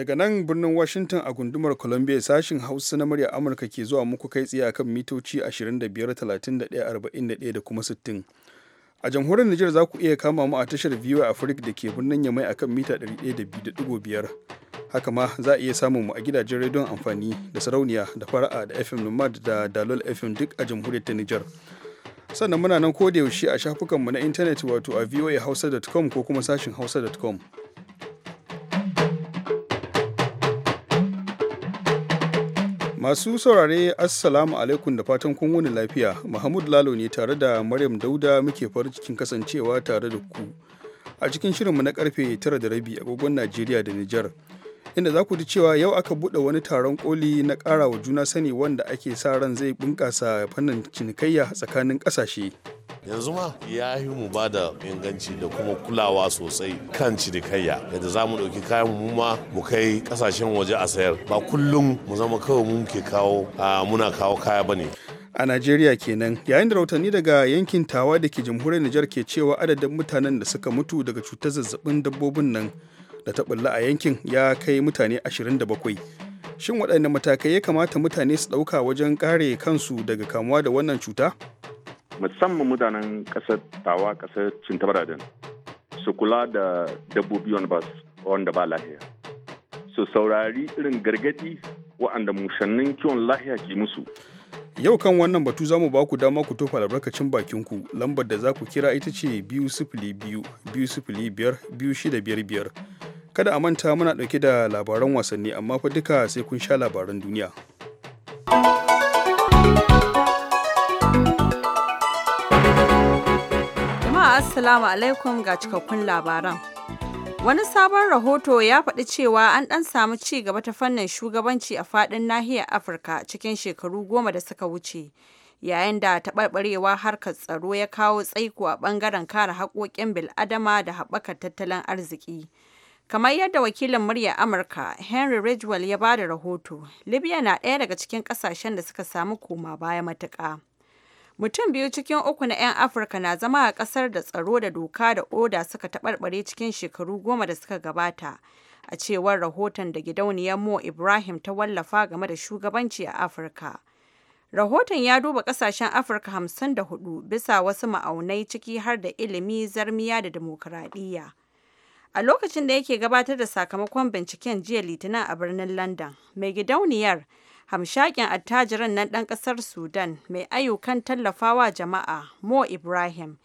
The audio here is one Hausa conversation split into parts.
Daga nan birnin Washington a gundumar Columbia sashin Hausa na murya Amurka ke zuwa muku kai tsaye akan mitoci 25, 31, 41 da kuma 60. A jamhuriyar niger za ku iya kama mu a tashar viewer Africa da ke birnin Yamai akan mita 102.5. Haka ma za a iya samun mu a gidajen rediyon amfani da sarauniya da fara'a da FM Nomad da Dalol FM duk a jamhuriyar ta niger Sannan muna nan ko da yaushe a shafukanmu na intanet wato a voahausa.com ko kuma sashin hausa.com. Masu saurare Assalamu alaikum da fatan kun wani lafiya. Mahmud Lalo ne tare da Maryam Dauda muke farin cikin kasancewa tare da ku. A cikin shirinmu na karfe 9 da rabi agogon Najeriya da Nijar. Inda za ku ji cewa yau aka buɗe wani taron koli na ƙara wa juna sani wanda ake sa ran zai bunƙasa fannin cinikayya tsakanin ƙasashe. yanzu ma ya yi mu ba da inganci da kuma kulawa sosai kan cinikayya yadda za mu ɗauki kayan mu ma mu kai ƙasashen waje a sayar ba kullum mu zama kawai mu ke kawo muna kawo kaya ba a Najeriya kenan yayin da rahotanni daga yankin tawa da ke jamhuriyar Nijar ke cewa adadin mutanen da suka mutu daga cutar zazzabin dabbobin nan da ta bulla a yankin ya kai mutane 27 shin waɗanne matakai ya kamata mutane su ɗauka wajen kare kansu daga kamuwa da wannan cuta musamman mutanen kasar tawa kasar cintabaradin su kula da dabbobi wanda ba lahiya su saurari irin gargadi waɗanda mushannin kiwon lahiya ke musu yau kan wannan batu za mu ba ku dama ku tofa albarkacin bakin ku lambar da za ku kira ita ce biyu sifili biyu biyu sifili biyar biyu shida biyar biyar kada a manta muna ɗauke da labaran wasanni amma fa duka sai kun sha labaran duniya Assalamu alaikum ga cikakkun labaran. Wani sabon rahoto ya faɗi cewa an ɗan samu ci gaba ta fannin shugabanci a faɗin nahiyar Afirka cikin shekaru goma da suka wuce, yayin da taɓarɓarewa harkar tsaro ya kawo tsaiko a ɓangaren kare haƙoƙin bil'adama da haɓakar tattalin arziki. Kamar yadda wakilin muryar Amurka Henry Ridgewell ya ba da rahoto, Libya na ɗaya daga cikin ƙasashen da suka samu koma baya matuƙa. Mutum biyu cikin uku na 'yan Afirka na zama a ƙasar da tsaro da doka da oda suka taɓarɓare cikin shekaru goma da suka gabata, a cewar rahoton da gidauniyar Mo Ibrahim ta wallafa game da shugabanci a Afirka. Rahoton ya duba ƙasashen Afirka hudu, bisa wasu ma'aunai ciki har da ilimi, zarmiya da dimokuraɗiyya. A lokacin da yake gabatar da sakamakon binciken jiya Litinin a birnin London, mai gidauniyar hamshakin attajiran nan ɗan ƙasar sudan mai ayyukan tallafawa jama'a mo ibrahim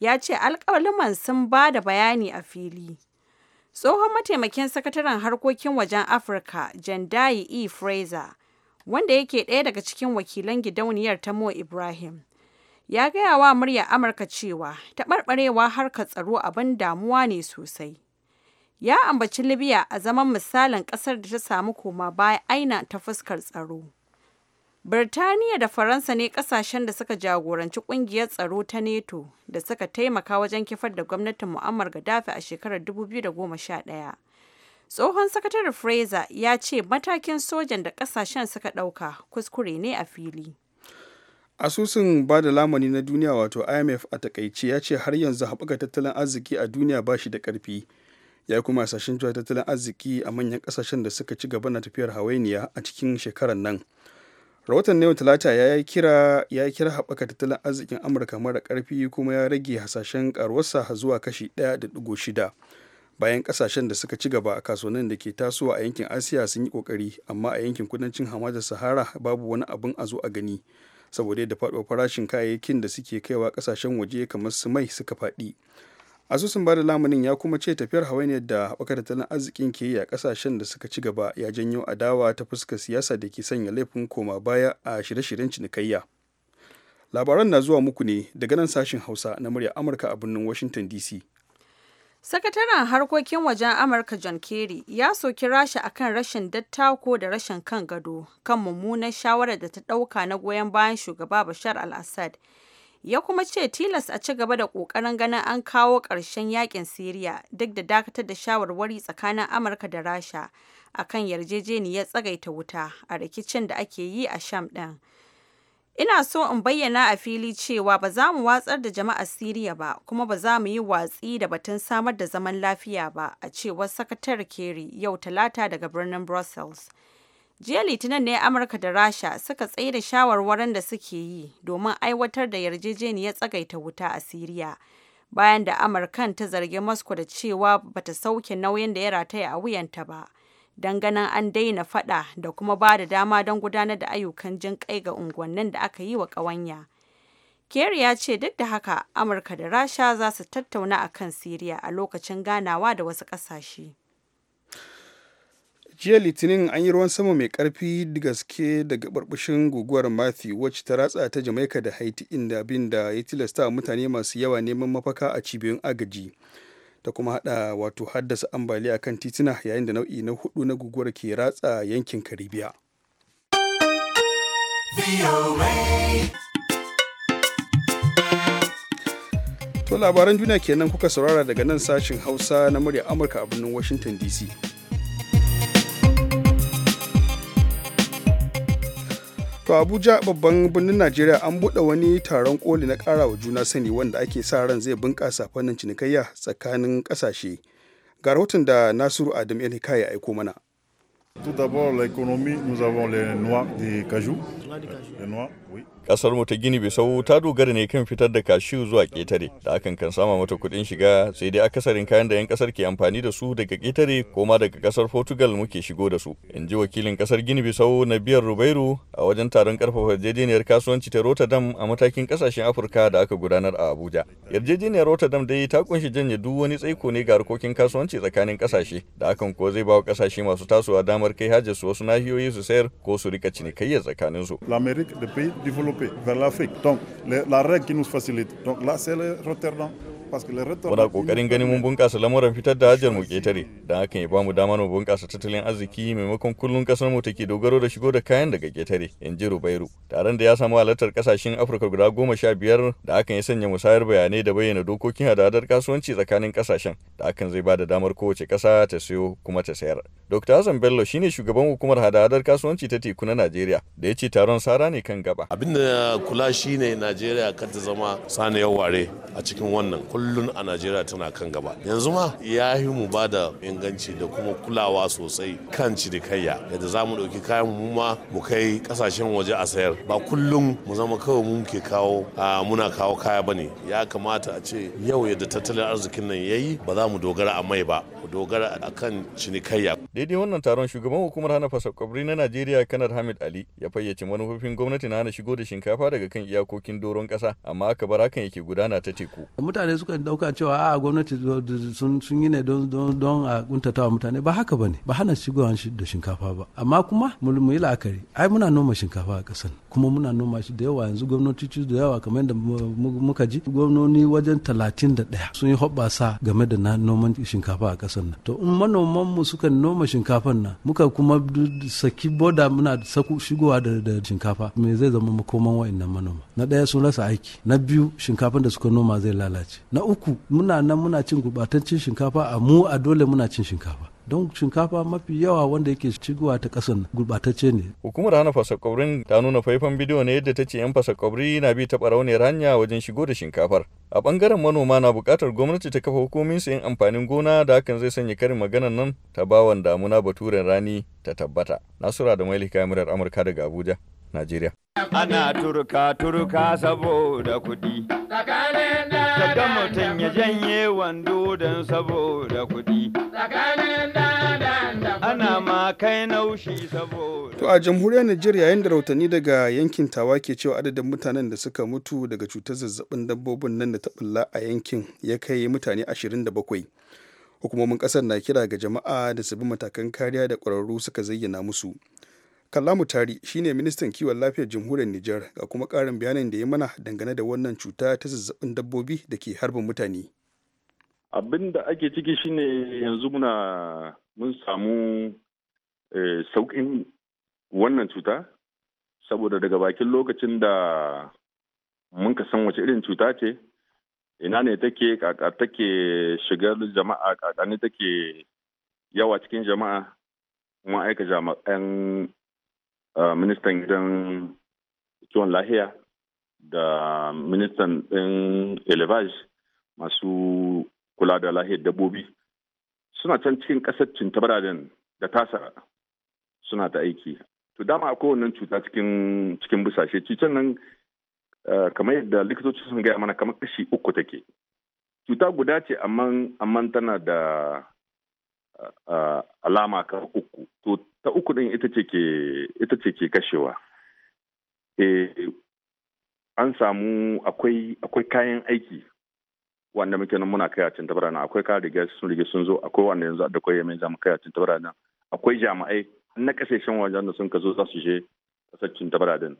ya ce alƙaliman sun ba da bayani a fili tsohon mataimakin sakataren harkokin wajen afirka jandayi e fraser wanda yake ɗaya daga cikin wakilan gidauniyar ta mo ibrahim ya gaya wa murya amurka cewa taɓarɓarewa harkar tsaro abin damuwa ne sosai ya ambaci libya a zaman misalin kasar da ta samu koma baya aina ta fuskar tsaro Birtaniya da Faransa ne kasashen da suka jagoranci kungiyar tsaro ta neto da suka taimaka wajen kifar da gwamnatin Muammar Gaddafi a shekarar 2011. Tsohon sakataren Fraser ya ce matakin sojan da kasashen suka ɗauka kuskure ne a fili. Asusun ba da lamani na duniya wato IMF a takaice ya ce har yanzu haɓaka tattalin arziki a duniya ba shi da ƙarfi. ya kuma hasashen jiwa tattalin arziki a manyan kasashen da suka ci gaba na tafiyar hawainiya a cikin shekarar nan rahoton na talata ya yi kira haɓaka tattalin arzikin amurka mara ƙarfi kuma ya rage hasashen karuwarsa zuwa kashi 1.6 bayan kasashen da suka ci gaba a kasuwannin da ke tasowa a yankin asiya sun yi kokari amma a yankin kudancin hamada sahara babu wani abin a zo a gani saboda da faɗuwar farashin kayayyakin da suke kaiwa kasashen waje kamar su mai suka faɗi asusun bada lamunin ya kuma ce tafiyar hawainiyar da haɓakar tattalin arzikin ke yi a ƙasashen da suka ci gaba ya janyo adawa ta fuskar siyasa da ke sanya laifin koma baya a shirye-shiryen cinikayya labaran na zuwa muku ne daga nan sashen hausa na murya amurka a birnin washington dc sakataren harkokin wajen amurka john kerry ya soki rasha akan rashin dattako da rashin kan gado kan mummunan shawarar da ta ɗauka na goyon bayan shugaba bashar al-assad ya kuma ce tilas a ci gaba da ƙoƙarin ganin an kawo ƙarshen yakin Siriya duk da dakatar da shawarwari tsakanin Amurka da Rasha a akan yarjejeniyar tsagaita wuta a rikicin da ake yi a Sham ɗin. Ina so in bayyana a fili cewa ba za mu watsar da jama'a Siriya ba kuma ba za mu yi watsi da batun samar da zaman lafiya ba a cewar Sakatar Kerry yau Talata daga birnin Brussels. Jiya Litinin ne Amurka da Rasha suka tsaida shawarwarin da suke yi domin aiwatar da yarjejeniyar tsagaita wuta a Siriya, bayan da Amurkan ta zargi Moscow da cewa bata sauke nauyin da ya rataya a wuyanta ba, don ganin an daina fada da kuma ba da dama don gudanar da ayyukan jin kai ga unguwannin da aka yi wa ƙawanya. Kerry ya ce duk da haka Amurka da Rasha za su tattauna a kan Siriya a lokacin ganawa da wasu ƙasashe. jiya litinin an yi ruwan sama mai karfi gaske daga barbushin guguwar matthew wacce ta ratsa ta jamaica da haiti inda abin da ya tilasta mutane masu yawa neman mafaka a cibiyoyin agaji ta kuma hada wato haddasa ambali a kan titina yayin da nau'i na hudu na guguwar ke ratsa yankin karibiya To labaran duniya kenan kuka saurara daga nan sashin Hausa na murya Amurka a birnin Washington DC. To Abuja babban birnin Najeriya an buɗe wani taron koli na ƙara wa juna sani wanda ake sa ran zai bunƙasa fannin cinikayya tsakanin ƙasashe. Ga rahoton da Nasiru Adam ya aiko mana. Tout d'abord l'économie, nous avons les noix de cajou. kasar mu ta gini bisau ta dogara ne kan fitar da kashi zuwa ƙetare da hakan kan sama mata kuɗin shiga sai dai akasarin kayan da 'yan kasar ke amfani da su daga ƙetare ko ma daga kasar portugal muke shigo da su in ji wakilin kasar gini bisau na biyar rubairu a wajen taron karfafa yarjejeniyar kasuwanci ta rotterdam a matakin kasashen afirka da aka gudanar a abuja yarjejeniyar rotterdam dai ta kunshi janye duk wani tsaiko ne ga harkokin kasuwanci tsakanin kasashe da hakan ko zai bawa kasashe masu tasowa damar kai hajjar su wasu nahiyoyi su sayar ko su rika cinikayyar tsakaninsu. su. vers l'Afrique. Donc, la règle qui nous facilite. Donc là, c'est le Rotterdam. Muna kokarin ganin mun bunkasa lamuran fitar da hajjar mu ketare, don hakan ya bamu damar mu bunkasa tattalin arziki maimakon kullum kasar mu take dogaro da shigo da kayan daga ketare, in ji Rubairu. Taron da ya samu halartar kasashen Afirka guda goma sha biyar da hakan ya sanya musayar bayanai da bayyana dokokin hadadar kasuwanci tsakanin kasashen, da hakan zai ba da damar kowace kasa ta siyo kuma ta sayar. Dr. Hassan Bello shine shugaban hukumar hadadar kasuwanci ta teku na Najeriya da ya ce taron sara ne kan gaba. Abin da kula shine Najeriya kan ta zama saniyar ware a cikin wannan. kullun a najeriya tana kan gaba yanzu ma ya yi mu ba da inganci da kuma kulawa sosai kan cinikayya yadda za mu ɗauki kayan mu ma mu kai ƙasashen waje a sayar ba kullun mu zama kawai mun ke kawo muna kawo kaya bane ya kamata a ce yau yadda tattalin arzikin nan ya yi ba za mu dogara a mai ba dogara a kan cinikayya. Daidai wannan taron shugaban hukumar hana fasakwabri na Najeriya kanar Hamid Ali ya fayyace manufofin gwamnati na hana shigo da shinkafa daga kan iyakokin doron kasa amma aka bar hakan yake gudana ta teku. Mutane suka dauka cewa a gwamnati sun yi ne don a kuntatawa mutane ba haka ba ne ba hana shigowa da shinkafa ba amma kuma mu yi la'akari ai muna noma shinkafa a kasan kuma muna noma shi da yawa yanzu gwamnatoci da yawa kamar yadda muka ji gwamnoni wajen talatin da ɗaya sun yi sa game da noman shinkafa a kasan. nan to in manoman mu suka noma shinkafan nan muka kuma saki boda muna saku shigowa da, da shinkafa me zai zama makoman wa'annan manoma na ɗaya sun rasa aiki na biyu shinkafan da suka noma zai lalace na uku muna nan muna cin gubatancin shinkafa a mu a dole muna cin shinkafa don shinkafa mafi yawa wanda yake shigowa ta kasan gurbatacce ne hukumar hana fasa-kwabarin kwabrin ta nuna faifan bidiyo ne yadda ta ce yan fasa fasakwauri na bi ta barauniyar hanya wajen shigo da shinkafar a bangaren manoma na bukatar gwamnati ta kafa hukumin sayan amfanin gona da hakan zai sanya karin maganan nan ta bawan damuna baturen rani ta tabbata nasura da mailika amurka daga abuja najeriya ana turka turka saboda kuɗi tsakanin da mutum ya janye wando don saboda kuɗi ana ma kai naushi saboda. To a jamhuriyar Najeriya yayin da rautani daga yankin tawa ke cewa adadin mutanen da suka mutu daga cutar zazzabin dabbobin nan da ta bulla a yankin ya kai mutane 27. Hukumomin kasar na kira ga jama'a da su bi matakan kariya da kwararru suka zayyana musu. Kallamu Tari shine ministan kiwon lafiyar jamhuriyar Nijar ga kuma karin bayanin da ya mana dangane da wannan cuta ta zazzabin dabbobi da ke harbin mutane. Abin da ake ciki shine yanzu muna mun samu eh, sauƙin wannan cuta saboda daga bakin lokacin da mun ka san wace irin cuta ce ina ne take kaka take shigar jama'a kaka ne take yawa cikin jama'a kuma aika jami'an eh, ministan gidan kiwon lahiya da ministan din elevage masu kula da lahiyar dabbobi suna can cikin ƙasar cintabaraden da tasa suna ta aiki to dama akwai wannan cuta cikin cikin busashe cutar nan eh, kamar yadda likitoci sun gaya mana kamar kashi uku take cuta guda ce amma tana da eh, eh, alama kamar uku to ta uku din ita ce ke kashewa an samu akwai kayan aiki wanda muke nan muna kai a cin tabara akwai ka riga sun rige sun zo akwai wanda yanzu da kwaye mai zamu kai a cin tabara akwai jami'ai na kasashen wajen da sun ka zo za su je kasar cin tabara din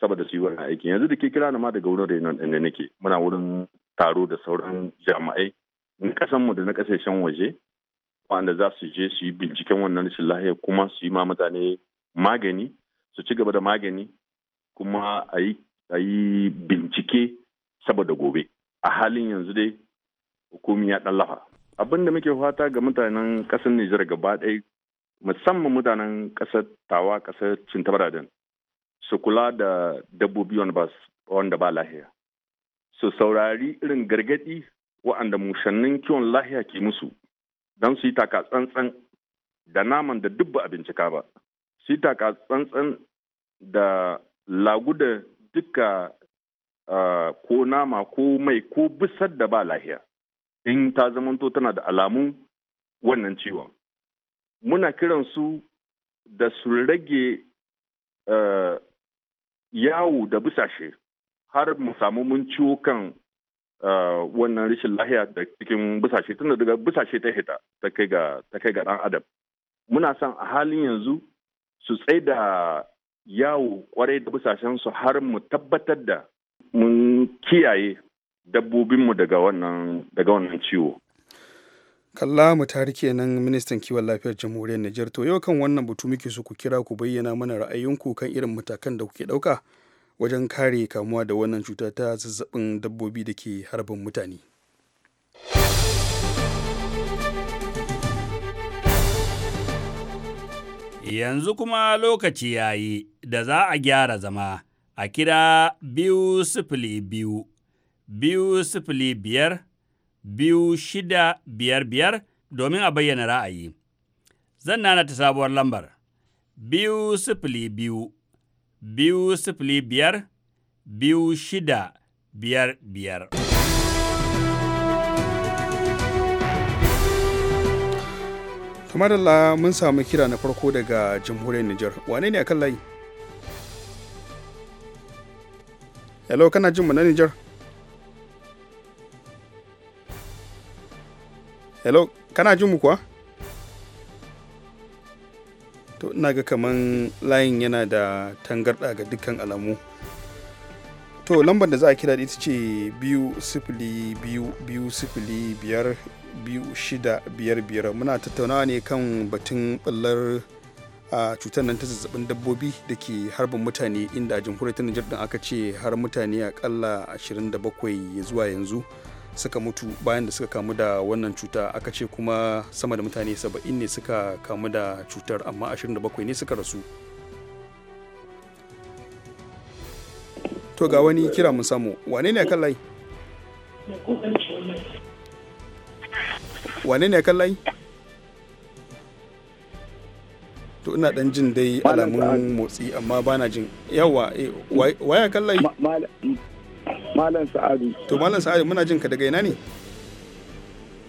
saboda su yi wannan aiki yanzu da ke kira na ma daga wurin da ɗin da nake muna wurin taro da sauran jami'ai na mu da na kasashen waje wanda za su je su yi binciken wannan rashin lahiya kuma su yi ma mutane magani su ci gaba da magani kuma a yi bincike saboda gobe. a halin yanzu dai hukumi ya dan lafa abin da muke fata ga mutanen ƙasar Nijar gaba ɗaya musamman mutanen ƙasar tawa ƙasar cintabaradin su kula da dabbobi wanda ba lahiya su saurari irin gargaɗi wa'anda mushannin kiwon lahiya ke musu don su yi taka tsantsan da naman da dubba a bincika ba su yi taka tsantsan da lagu da duka ko nama ko mai ko bisar da ba lahiya in ta zamanto tana da alamu wannan ciwon muna kiran su da su rage yawo da busashe har mu samu mun ciwo kan wannan rashin lahiya da cikin busashe tana daga busashe ta hita ta kai ga ɗan adam muna son a halin yanzu su tsaida da yawo kwarai da bisashen su har mu tabbatar da mun kiyaye dabbobinmu daga wannan daga wannan ciwo kalla mu tari kenan ministan kiwon lafiyar jamhuriyar Nijar to yau kan wannan batu muke so ku kira ku bayyana mana ra'ayinku kan irin matakan da kuke ɗauka wajen kare kamuwa da wannan cuta ta zazzabin dabbobi da ke harbin mutane. Yanzu kuma lokaci yayi da za a gyara zama a kira biyu sifili biyu, biyu sifili biyar, biyu shida biyar biyar domin a bayyana ra'ayi. Zan nana ta sabuwar lambar, biyu sifili biyu, biyu sifili biyar, biyu shida biyar biyar. kamar da mun samu kira na farko daga jamhuriyar Nijar, wane ne a kan layi? hello kana jin mu na Nijar hello kana jin mu kuwa to ina ga kaman layin yana da tangarɗa ga dukkan alamu to lambar da za a kira ita ce biyu sifili biyu biyu sifili biyar biyu shida biyar biyar muna tattaunawa ne kan batun ɓallar a cutar nan ta zazzabin dabbobi da ke harbin mutane inda jamhuriyar ta Nijar din aka ce har mutane akalla 27 zuwa yanzu suka mutu bayan da suka kamu da wannan cuta aka ce kuma sama da mutane 70 ne suka kamu da cutar amma 27 ne suka rasu to ga wani kira mun samu wane ne kan layi wane ne kan layi to ina dan jin dai alamun motsi amma bana jin yawa eh, waya kallai malam sa'adu to malam sa'adu muna jin ka daga ina ne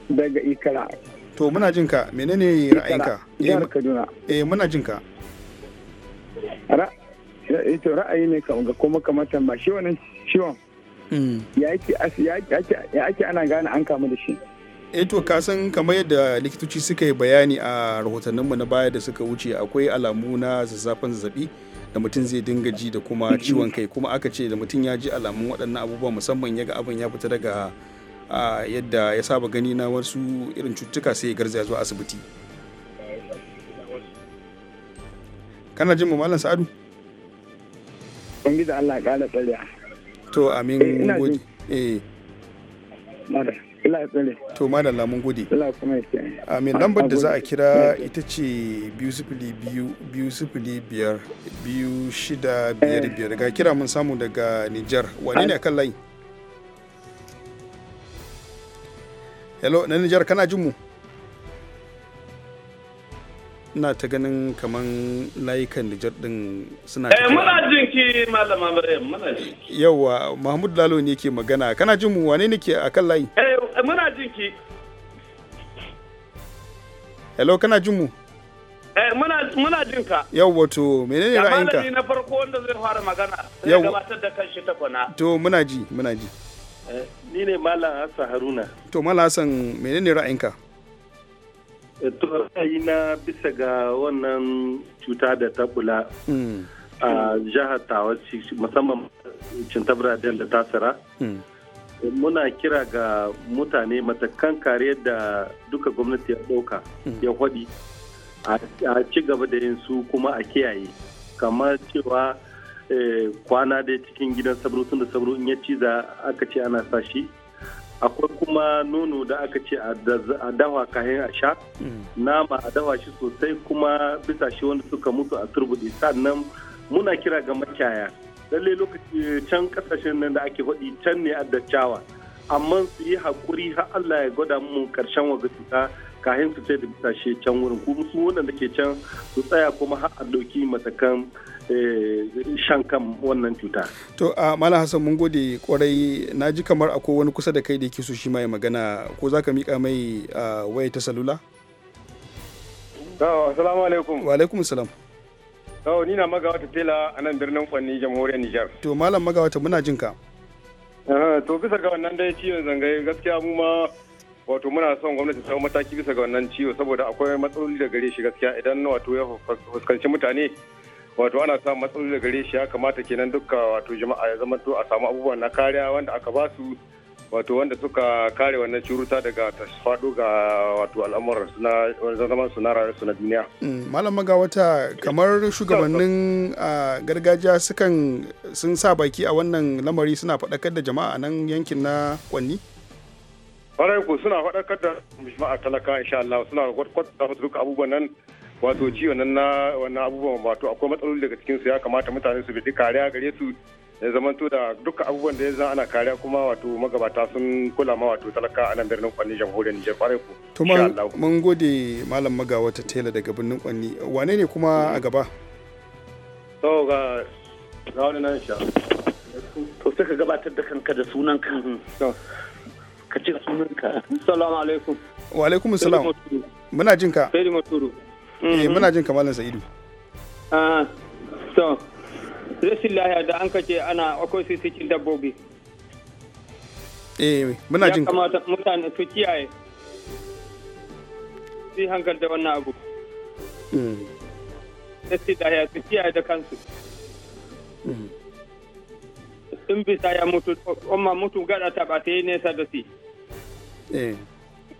daga ikara to muna jin ka menene ra'ayinka eh, eh muna jin ka to ra'ayi ne ga kuma kamata ba shi wannan ciwon mm. ya ake ana gane an kamu da shi eto eh to kasan kamar yadda likitoci suka yi bayani a rahotanninmu na baya da suka wuce akwai alamu na zazzafan zazzabi da mutum zai dinga ji da kuma ciwon kai kuma aka ce da mutum ya ji alamun waɗannan abubuwa musamman ya ga abin ya fita daga yadda ya saba gani na wasu irin cututtuka sai ya garzaya zuwa asibiti kana jin mu malam sa'adu da Allah ya tsariya to amin To madalla mun gode. Amin lambar da za a kira ita ce biyu sifili biyu biyu sifili biyar biyu shida biyar biyar ga kira mun samu daga Nijar wani ne akan layi? Hello na Nijar kana jin mu? na ta ganin kaman layukan Nijar din suna Eh muna jin ki malama Maryam muna ji. Yawwa Mahmud Lalo ne ke magana kana jin mu wane ne ke akan layi? Eh muna jin ki hello kana jin mu eh muna muna jin ka yau wato menene ra'ayinka malami na farko wanda zai fara magana zai gabatar da kanshi ta kwana to muna ji muna ji eh, ni ne malam Hassan Haruna to malam Hassan menene ra'ayinka eh, to na bisa ga wannan cuta da ta kula hmm. a jihar Tawa musamman Cintabra da Tasira hmm. muna kira ga mutane matakan kare da duka gwamnati ya ɗauka hmm. ya hwaɗi a ci gaba da yin su kuma a kiyaye kamar cewa eh, kwana da cikin gidan sabro tun da sabro in ya ciza aka ce ana shi. akwai kuma nono da aka ce a dawa kayan a sha hmm. nama a dawa shi sosai kuma bisa shi wanda suka mutu a turbudi sannan muna kira ga makiyaya lalle lokaci can kasashen nan da ake faɗi can ne addacawa amma su yi haƙuri har Allah ya gwada mu karshen wa cuta kahin su ce da bisashe can wurin kuma su wannan da ke can su tsaya kuma har a ɗauki matakan eh, shan kan wannan cuta. To a Mala Hassan mun gode kwarai na ji kamar akwai wani kusa da kai da yake so shi mai magana ko za ka miƙa mai waya ta salula? Assalamu alaikum. Wa alaikum salam. Yau ni na magawata tela a nan birnin Kwanni jamhuriyar Nijar. To malam magawata muna jin ka. Eh, to bisa ga wannan dai ciwon zangaye gaskiya mu ma wato muna son gwamnati ta mataki bisa ga wannan ciwo saboda akwai matsaloli da gare shi gaskiya idan wato ya fuskanci mutane wato ana samun matsaloli da gare shi ya kamata kenan dukka wato jama'a ya zama to a samu abubuwan na kariya wanda aka ba su wato wanda suka kare wannan curuta daga tasfado ga wato al'amuran wanzan zaman su na rayuwarsu na duniya. Mm, Malam magawata wata kamar shugabannin gargajiya sukan sun sa baki a wannan lamari suna faɗakar da jama'a a nan yankin na kwanni? Farai ko suna faɗakar da jama'a talaka insha Allah suna kwakwata duka abubuwan nan wato ciwon nan na wannan abubuwan wato akwai matsaloli daga cikin su ya kamata mutane su bi kariya gare su ya zamanto da duka abubuwan da ya zan ana kariya kuma wato magabata sun kula ma wato talaka a nan birnin kwanni jamhuriyar Nijar kwarai ku. To mun gode malam maga wata tela daga birnin kwanni wane ne kuma a gaba? To ga rauni nan sha. To sai ka gabatar da kanka da sunan ka. Mhm. Ka ce sunan ka. Assalamu alaikum. Wa alaikum assalam Muna jin ka. Saidu Maturu. Eh muna jin ka malam Sa'idu. Ah, to. rashin lahiya da an kace ana akwai su dabbobi eh muna jin kamata mutane su kiyaye su hankali da wannan abu mm. rashin lahiya su kiyaye da kansu sun mm. bisa ya mutu amma mutu gada ta ba ta yi nesa da su eh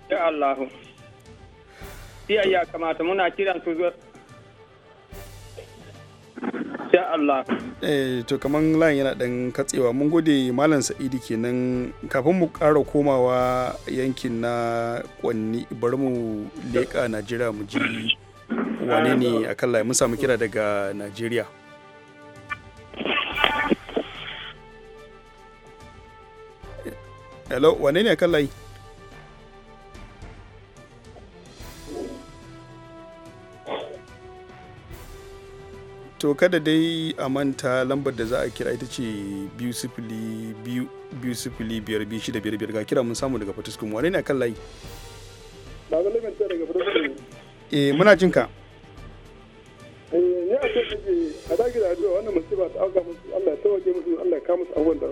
ya Allahu. Siya ya kamata muna kiran su Ya Allah. Eh to kaman layin yana dan katsewa mun gode Malam Sa'idu kenan kafin mu ƙara komawa yankin na Kwanni bari mu leƙa Najeriya mu ji wane ne akan layi mun samu kira daga Najeriya. Hello wane ne akan layi? to kada dai a manta lambar da za a kira ita ce biyu sifili biyu biyu sifili biyar biyu shida biyar biyar ga kira mun samu daga fatiskum wane ne kan layi baba lamanta daga fatiskum eh, muna jin ka eh ne a kan kuje a dage da addu'a wannan musiba ta auka musu Allah ya tawaje musu Allah ya kawo musu abubuwan da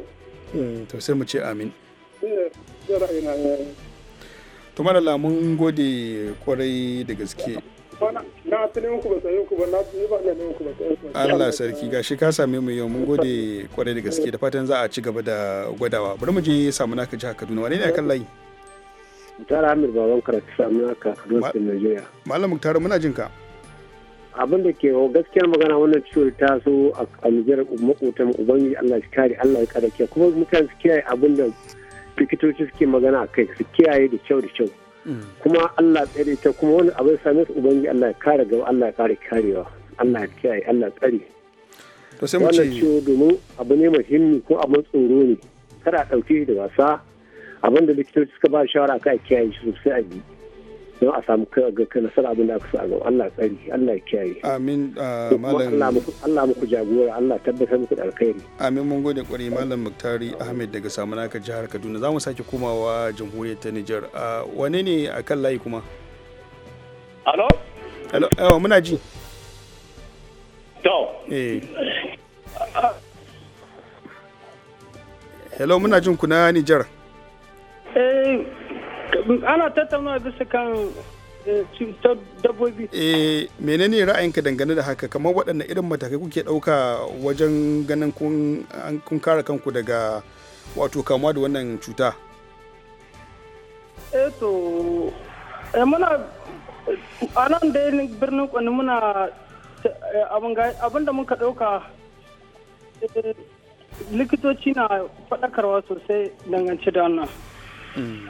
hmm, to sai mu ce amin eh. to malala mun gode kwarai da gaske Allah sarki gashi ka same mu yau mun gode kwarai da gaske da fatan za a ci gaba da gwadawa bari mu je samu naka jihar Kaduna wane ne kan layi Mutara Amir Baban Karatu samu naka Kaduna Nigeria Malam Mutara muna jin ka abin da ke gaskiya magana wannan ciwon ta so a Nijar makotan ubangiji Allah shi kare Allah ya kare kuma mutane su kiyaye abin da likitoci suke magana a kai su kiyaye da kyau da kyau kuma Allah tsare ta kuma wani abin same su ubangi Allah ya kare gaba Allah ya kare karewa Allah ya kiyaye Allah tsare to sai mu ce domin abu ne muhimmi ko abin tsoro ne kada a ɗauke da wasa abinda likitoci suka ba shawara kai kiyaye shi sosai a biyu don a samu ga nasara abin da aka so gaba Allah tsari Allah kiyaye amin uh, malam Allah muku jagora Allah tabbatar muku da alkhairi amin mun gode kwarai malam Muktari Ahmed daga Samunaka jihar Kaduna zamu sake komawa jamhuriyar ta Niger uh, wane ne akan layi kuma Alo Alo eh muna ji To eh Hello muna jin ku na Niger Eh ana tattauna bisa kan eh, cutar dabbobi. Eh menene ra'ayinka dangane da haka kamar waɗanne irin matakai kuke ɗauka wajen ganin kun kare kanku daga wato kamuwa da wannan cuta? Eh to eh, muna a nan da birnin kwani muna eh, abin da muka ɗauka likitoci na faɗakarwa sosai dangance da wannan. Mm.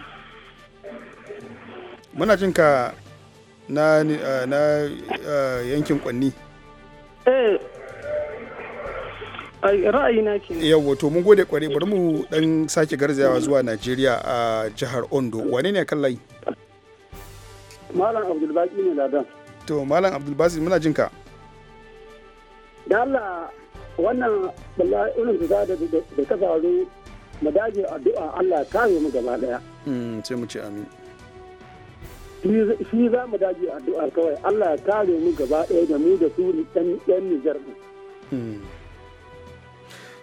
muna jin ka na, eh, eh, yankin kwanni eh ra'ayina ke to mun gode kware bari mu dan sake garzayawa zuwa najeriya a jihar ondo wane ne kallai layi malam abdulbaki ne ladan to malam abdulbasi muna jin ka da allah wannan wallahi irin da da ka faru mu dage addu'a allah ya kare mu gaba daya mm, sai mu ci amin shi za mu dage addu'a kawai Allah ya kare mu gaba ɗaya da mu da su ɗan Nijar ɗin. Hmm.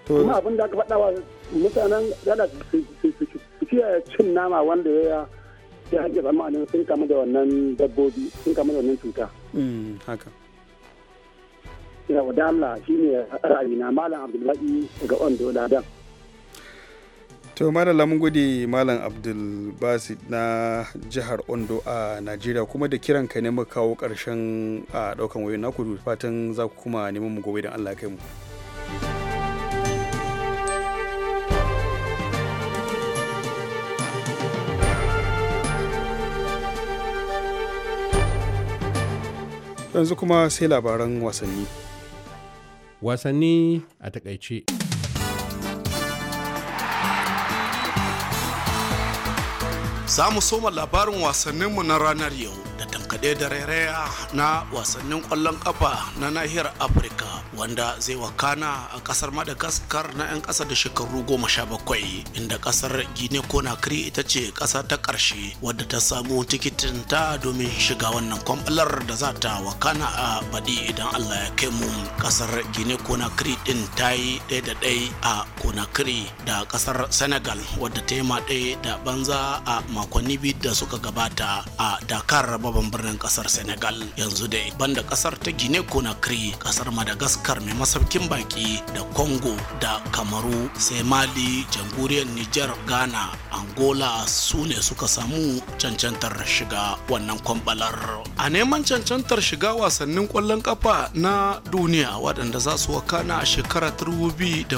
Kuma abin da aka faɗa wa mutanen yana su kiyaye cin nama wanda ya ya a zamanin sun kamu da wannan dabbobi sun kamu da wannan cuta. Hmm, haka. Yawa da Allah shi ne ra'ayi na Malam Abdullahi daga Ondo Ladan. to madalla mun gode malam abdul basit na jihar ondo a najeriya kuma da kiran ka ne mu kawo karshen a daukan wayoyin naku fatan za ku kuma neman mu gobe don allah kai mu yanzu kuma sai labaran wasanni wasanni a takaice za mu soma labarin wasanninmu na ranar yau da kade da rairaya na wasannin ƙwallon ƙafa na nahiyar afirka wanda zai wakana a ƙasar madagaskar na 'yan ƙasa da shekaru goma sha bakwai inda ƙasar gine conakry ita ce ƙasa ta karshe wadda ta samu tikitin ta domin shiga wannan kwamfalar da za ta wakana a baɗi idan allah ya kai mu ƙasar gine conakry ɗin ta yi ɗaya da ɗaya a conakry da ƙasar senegal wadda ta yi ɗaya da banza a makonni biyu da suka gabata a dakar babban birnin kasar senegal yanzu dai banda kasar ta guinea conakry kasar madagascar mai masaukin baki da congo da kamaru sai mali jamhuriyar niger ghana angola su ne suka samu cancantar shiga wannan kwambalar a neman cancantar shiga wasannin kwallon kafa na duniya waɗanda za su wakana a shekara 2018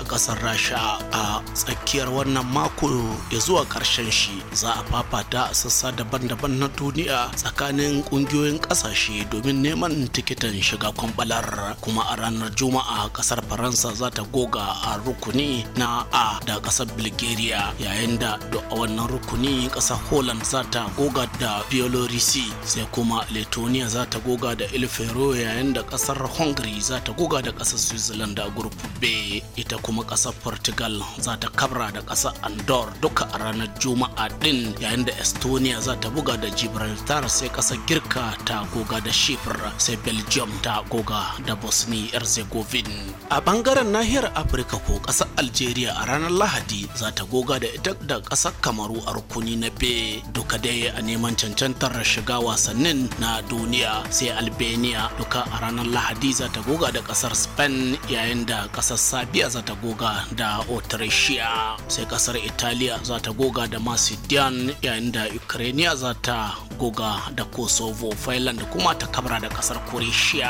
a kasar rasha a tsakiyar wannan mako ya zuwa ƙarshen shi za a fafata a sassa daban-daban na duniya tsakanin kungiyoyin kasashe domin neman tikitan shiga kwambalar kuma a ranar juma'a kasar faransa za ta goga a rukuni na a da kasar bulgaria yayin da a wannan rukuni kasar holland za ta goga da biolorisi sai kuma letonia za ta goga da ilfero yayin da kasar hungary za ta goga da kasar switzerland da group b ita kuma kasar portugal za ta kabra da kasar andor duka a ranar juma'a din yayin da estonia za ta buga da gibraltar qatar sai kasar girka ta goga da shifir sai belgium ta goga da bosnia herzegovina a bangaren nahiyar afirka ko kasar algeria a ranar lahadi za ta goga da ita da kasar kamaru a rukuni na b duka dai a neman cancantar shiga wasannin na duniya sai albania duka a ranar lahadi za ta goga da kasar spain yayin da kasar sabia za ta goga da otarishiya sai kasar Italia za ta goga da macedonia yayin da ukraine za ta goga Arewa da Kosovo, Finland kuma ta kabra da kasar Croatia.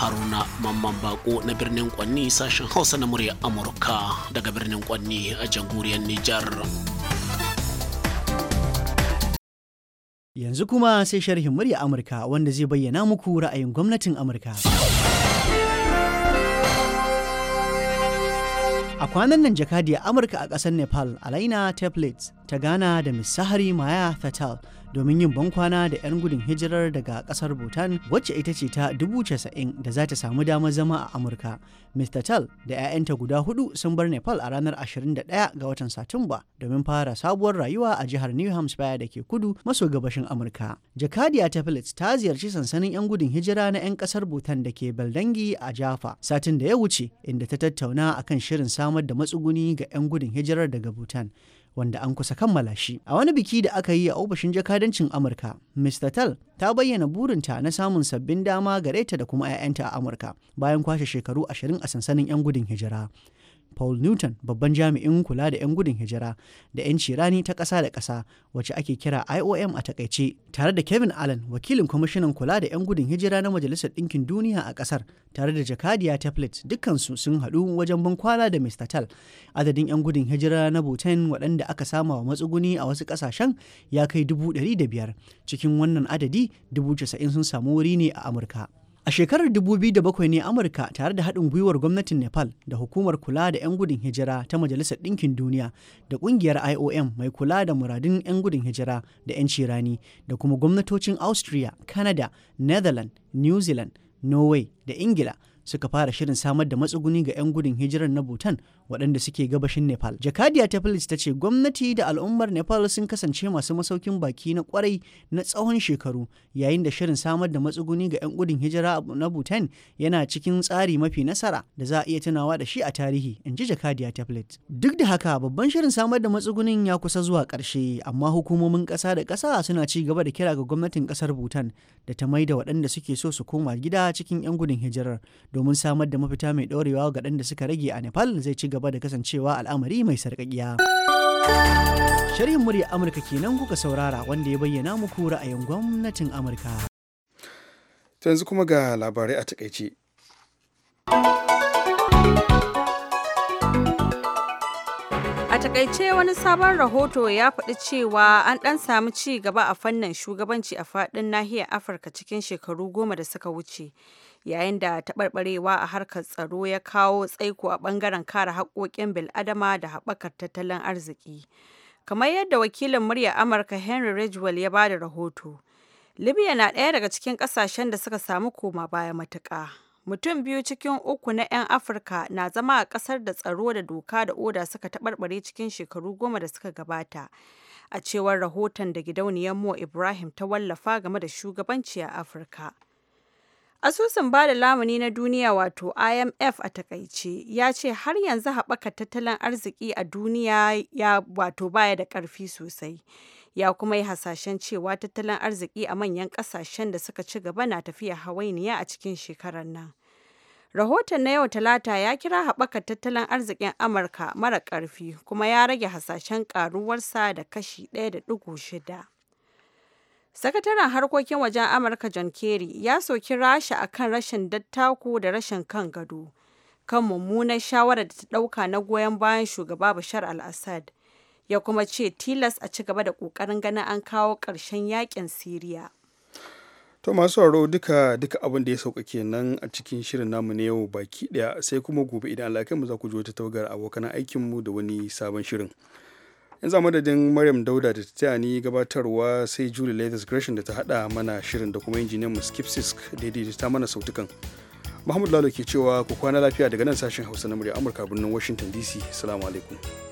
Haruna Mamman Bako na birnin Kwanni sashen Hausa na murya Amurka daga birnin Kwanni a jamhuriyar Nijar. Yanzu kuma sai sharhin murya Amurka wanda zai bayyana muku ra'ayin gwamnatin Amurka. A kwanan nan jakadiyar Amurka a ƙasar Nepal, Alaina Taplets, ta gana da Miss Sahari Maya Fatal domin yin bankwana da 'yan gudun hijirar daga kasar Bhutan wacce ita ce ta casa'in da za ta samu damar zama a Amurka. Miss Fatal da 'ya'yanta guda hudu sun bar Nepal a ranar 21 ga watan Satumba domin fara sabuwar rayuwa a jihar New Hampshire da ke kudu maso gabashin Amurka. Jakadiya ta Phillips ta ziyarci sansanin 'yan gudun hijira na 'yan kasar Bhutan da ke Baldangi a Jaffa satin da ya wuce inda ta tattauna akan shirin samar da matsuguni ga 'yan gudun hijirar daga Bhutan. wanda an kusa kammala shi. A wani biki da aka yi a ofishin jakadancin Amurka, Mr. Tal ta bayyana burinta na samun sabbin dama gare ta da kuma 'ya'yanta a Amurka bayan kwashe shekaru ashirin a sansanin 'yan gudun hijira. Paul Newton babban jami'in kula da 'yan gudun hijira da 'yan cirani ta ƙasa da ƙasa wacce ake kira IOM a takaice tare da Kevin Allen wakilin kwamishinan kula da 'yan gudun hijira na Majalisar Ɗinkin Duniya a ƙasar tare da Jakadiya Tablet dukkansu sun haɗu wajen bankwana da Mr. Tal adadin 'yan gudun hijira na Bhutan waɗanda aka sama wa matsuguni a wasu ƙasashen ya kai dubu ɗari da biyar cikin wannan adadi dubu casa'in sun samu wuri ne a Amurka. A shekarar 2007 ne Amurka tare da haɗin gwiwar gwamnatin Nepal da hukumar kula da 'yan gudun hijira ta Majalisar Ɗinkin Duniya da ƙungiyar IOM mai kula da muradun 'yan gudun hijira da 'yanci rani da kuma gwamnatocin Austria, Canada, Netherlands, New Zealand, Norway da Ingila suka fara shirin samar da matsuguni ga 'yan gudun hijirar na Bhutan waɗanda suke gabashin Nepal. Jakadiya ta ta ce gwamnati da al'ummar Nepal sun kasance masu masaukin baki na kwarai na tsawon shekaru yayin da shirin samar da matsuguni ga 'yan gudun hijira na Bhutan yana cikin tsari mafi nasara da za a iya tunawa da shi a tarihi, in ji Jakadiya ta Duk da haka babban shirin samar da matsugunin ya kusa zuwa ƙarshe amma hukumomin ƙasa da ƙasa suna ci gaba da kira ga gwamnatin ƙasar Bhutan da ta maida waɗanda suke so su koma gida cikin 'yan gudun hijirar domin samar da mafita mai ɗorewa ga da suka rage a Nepal zai ci gaba gaba da kasancewa al'amari mai sarƙaƙiya. Sharhin murya Amurka kenan kuka saurara wanda ya bayyana muku ra'ayin gwamnatin Amurka. yanzu kuma ga labarai a takaice. A takaice wani sabon rahoto ya faɗi cewa an ɗan samu ci gaba a fannin shugabanci a faɗin nahiyar Afirka cikin shekaru goma da suka wuce. yayin da taɓarɓarewa a harkar tsaro ya kawo tsaiko a ɓangaren kare haƙoƙin bil'adama da haɓakar tattalin arziki. Kamar yadda wakilin muryar Amurka Henry ridgewell ya ba da rahoto, Libya na ɗaya daga cikin ƙasashen da suka samu koma baya matuƙa. Mutum biyu cikin uku na 'yan Afirka na zama a ƙasar da tsaro da doka da oda suka taɓarɓare cikin shekaru goma da suka gabata. A cewar rahoton da gidauniyar Mo Ibrahim ta wallafa game da shugabanci a Afirka. Asusun Bada Lamuni na Duniya wato IMF a takaice ya ce har yanzu haɓaka tattalin arziki a duniya ya wato baya da ƙarfi sosai. Ya kuma yi hasashen cewa tattalin arziki a manyan ƙasashen da suka ci gaba na tafiya hawainiya a cikin shekarar nan. Rahoton na yau Talata ya kira haɓaka tattalin arzikin Amurka mara ƙarfi kuma ya rage hasashen ƙaruwarsa da kashi ɗaya da shida. Sakataren harkokin wajen Amurka John Kerry ya soki Rasha a kan rashin dattako da rashin kan gado kan mummunan shawarar da ta ɗauka na goyon bayan shugaba Bashar al-Assad, ya kuma ce tilas a ci gaba da ƙoƙarin ganin an kawo ƙarshen yakin Siriya. To masu sauraro duka duka abin da ya sauka kenan a cikin shirin namu na yau baki daya sai kuma gobe idan alakai mu za ku ji wata tawagar abokan aikinmu da wani sabon shirin. yanzu a madadin maryam dauda da ta ni gabatarwa sai julie leathers gresham da ta hada mana shirin da kuma injiniyan mu skip sisk da ta mana sautukan muhammadu lalo ke cewa ku kwana lafiya daga nan sashen hausa na murya amurka birnin washington dc salamu alaikum